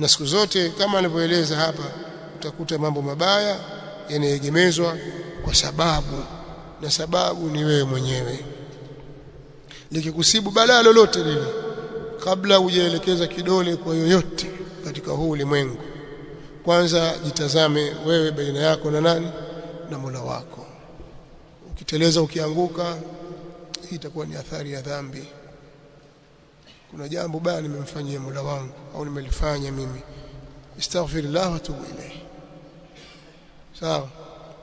na siku zote kama anavyoeleza hapa utakuta mambo mabaya yanayegemezwa kwa sababu na sababu ni wewe mwenyewe likikusibu balaa lolote lile kabla hujaelekeza kidole kwa yoyote katika huu ulimwengu kwanza jitazame wewe baina yako na nani na Mola wako ukiteleza ukianguka itakuwa ni athari ya dhambi kuna jambo baya nimemfanyia Mola wangu au nimelifanya mimi, astaghfirullah wa tubu ilayhi. Sawa,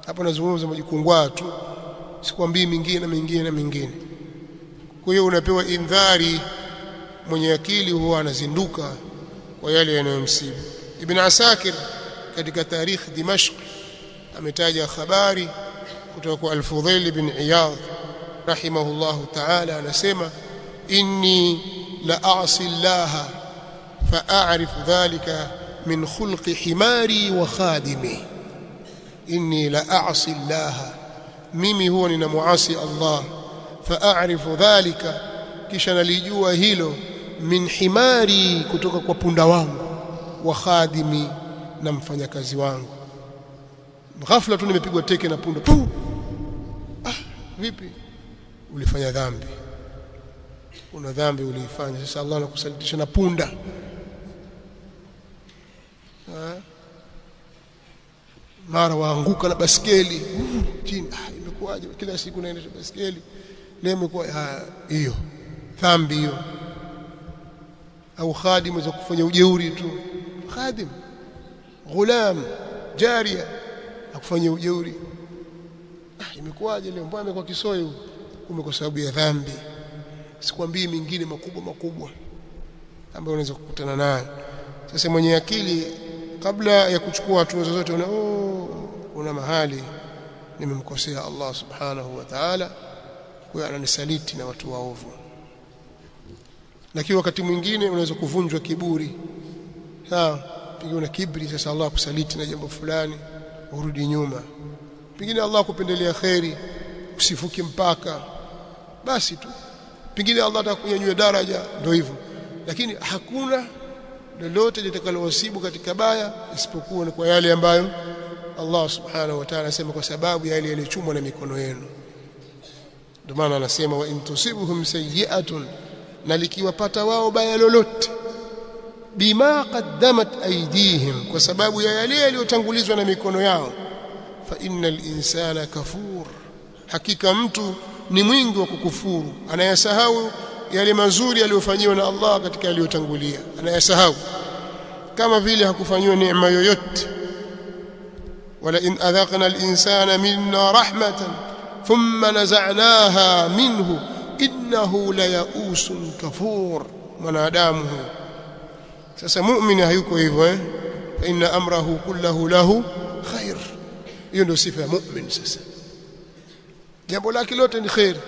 hapo nazungumza majikungwa tu, sikwambii mingine na mingine na mingine. Kwa hiyo unapewa indhari, mwenye akili huwa anazinduka kwa yale yanayomsibu. Ibn Asakir katika Tarikh Dimashq ametaja habari kutoka kwa alfudhail fudhail ibn rahimahullahu ta'ala, anasema inni لأعصي الله فأعرف ذلك من خلق حماري وخادمي إني لأعصي الله mimi huwa ninamuasi Allah faarifu dhalika kisha nalijua hilo min himari kutoka kwa punda wangu wa khadimi na mfanyakazi wangu ghafla tu nimepigwa teke na punda tu ah vipi ulifanya dhambi una dhambi uliifanya sasa Allah anakusalitisha na punda ha? mara waanguka na baskeli chini ah imekuwaje kila siku naendesha baskeli leo imekuwa ah, hiyo dhambi hiyo au khadim za kufanya ujeuri tu khadim ghulam jaria akufanya ujeuri ah imekuwaje leo mbona amekuwa kisoyo kumbe kwa sababu ya dhambi sikwambii mingine makubwa makubwa ambayo unaweza kukutana nayo. Sasa mwenye akili kabla ya kuchukua hatua zozote, una oh, kuna mahali nimemkosea Allah subhanahu wa ta'ala, kwa ananisaliti na watu waovu. Lakini wakati mwingine unaweza kuvunjwa kiburi, sawa, pengine una kibri. Sasa Allah kusaliti na jambo fulani, urudi nyuma, pengine Allah kupendelea kheri, usifuki mpaka basi tu pengine Allah atakunyanyua daraja ndio hivyo lakini hakuna lolote litakalowasibu katika baya isipokuwa ni kwa yale ambayo Allah subhanahu wa ta'ala anasema kwa sababu ya yale yaliyochumwa na mikono yenu ndio maana anasema wa intusibuhum sayi'atun na likiwapata wao baya lolote bima qaddamat aydihim kwa sababu ya yale yaliyotangulizwa na mikono yao fa innal insana kafur hakika mtu ni mwingi wa kukufuru, anayasahau yale mazuri aliyofanyiwa na Allah katika yaliyotangulia, anayasahau kama vile hakufanyiwa neema yoyote. Wala in adhaqna al-insana minna rahmatan thumma nazanaha minhu innahu la yausun kafur, mwanadamu huyo. Sasa muumini hayuko hivyo eh, fa inna amrahu kullahu lahu khair. Hiyo ndio sifa ya mumin sasa jambo lake lote ni kheri